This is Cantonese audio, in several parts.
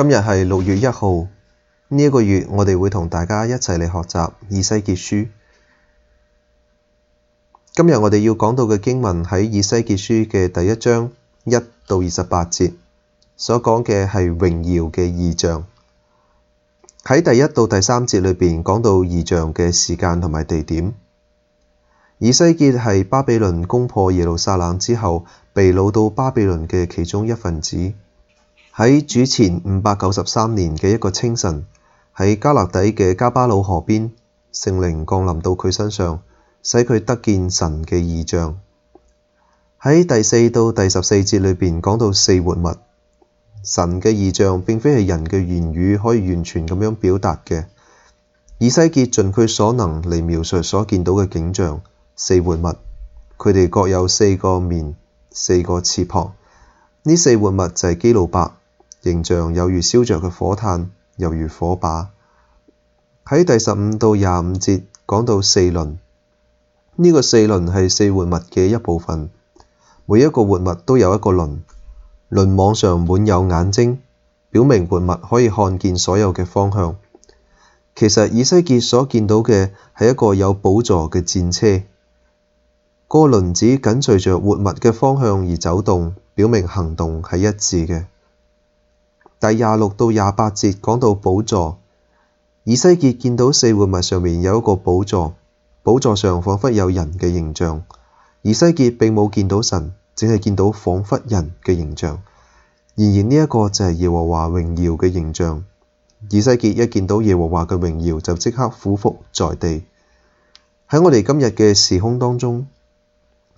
今日係六月一號，呢一個月我哋會同大家一齊嚟學習《以西結書》。今日我哋要講到嘅經文喺《以西結書》嘅第一章一到二十八節，所講嘅係榮耀嘅異象。喺第一到第三節裏邊講到異象嘅時間同埋地點。以西結係巴比倫攻破耶路撒冷之後被擄到巴比倫嘅其中一份子。喺主前五百九十三年嘅一個清晨，喺加勒底嘅加巴魯河邊，聖靈降臨到佢身上，使佢得見神嘅異象。喺第四到第十四節裏邊講到四活物，神嘅異象並非係人嘅言語可以完全咁樣表達嘅。以西結盡佢所能嚟描述所見到嘅景象，四活物，佢哋各有四個面、四個翅膀。呢四活物就係基路伯。形象有如燒着嘅火炭，又如火把。喺第十五到廿五節講到四輪，呢個四輪係四活物嘅一部分。每一個活物都有一個輪，輪網上滿有眼睛，表明活物可以看見所有嘅方向。其實以西結所見到嘅係一個有寶座嘅戰車，那個輪子緊隨着活物嘅方向而走動，表明行動係一致嘅。第廿六到廿八節講到寶座，以西結見到四活物上面有一個寶座，寶座上仿佛有人嘅形象。以西結並冇見到神，淨係見到仿佛人嘅形象。然而呢一個就係耶和華榮耀嘅形象。以西結一見到耶和華嘅榮耀就即刻俯伏在地。喺我哋今日嘅時空當中，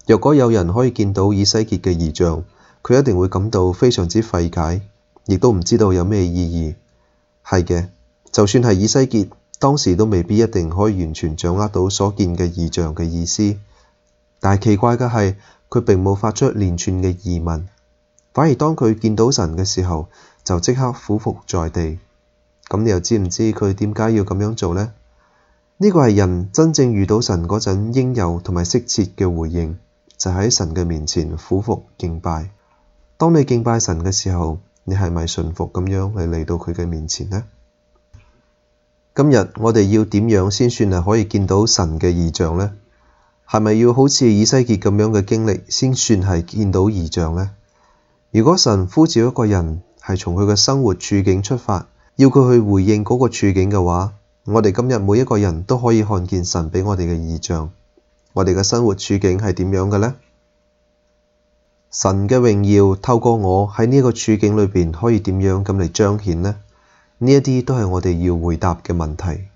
若果有人可以見到以西結嘅異象，佢一定會感到非常之費解。亦都唔知道有咩意義。係嘅，就算係以西結當時都未必一定可以完全掌握到所見嘅異象嘅意思。但係奇怪嘅係，佢並冇發出連串嘅疑問，反而當佢見到神嘅時候，就即刻俯伏在地。咁你又知唔知佢點解要咁樣做呢？呢個係人真正遇到神嗰陣應有同埋適切嘅回應，就喺、是、神嘅面前俯伏敬拜。當你敬拜神嘅時候，你係咪信服咁樣去嚟到佢嘅面前呢？今日我哋要點樣先算係可以見到神嘅異象呢？係咪要好似以西結咁樣嘅經歷先算係見到異象呢？如果神呼召一個人係從佢嘅生活處境出發，要佢去回應嗰個處境嘅話，我哋今日每一個人都可以看見神畀我哋嘅異象。我哋嘅生活處境係點樣嘅呢？神嘅榮耀透過我喺呢個處境裏邊可以點樣咁嚟彰顯呢？呢一啲都係我哋要回答嘅問題。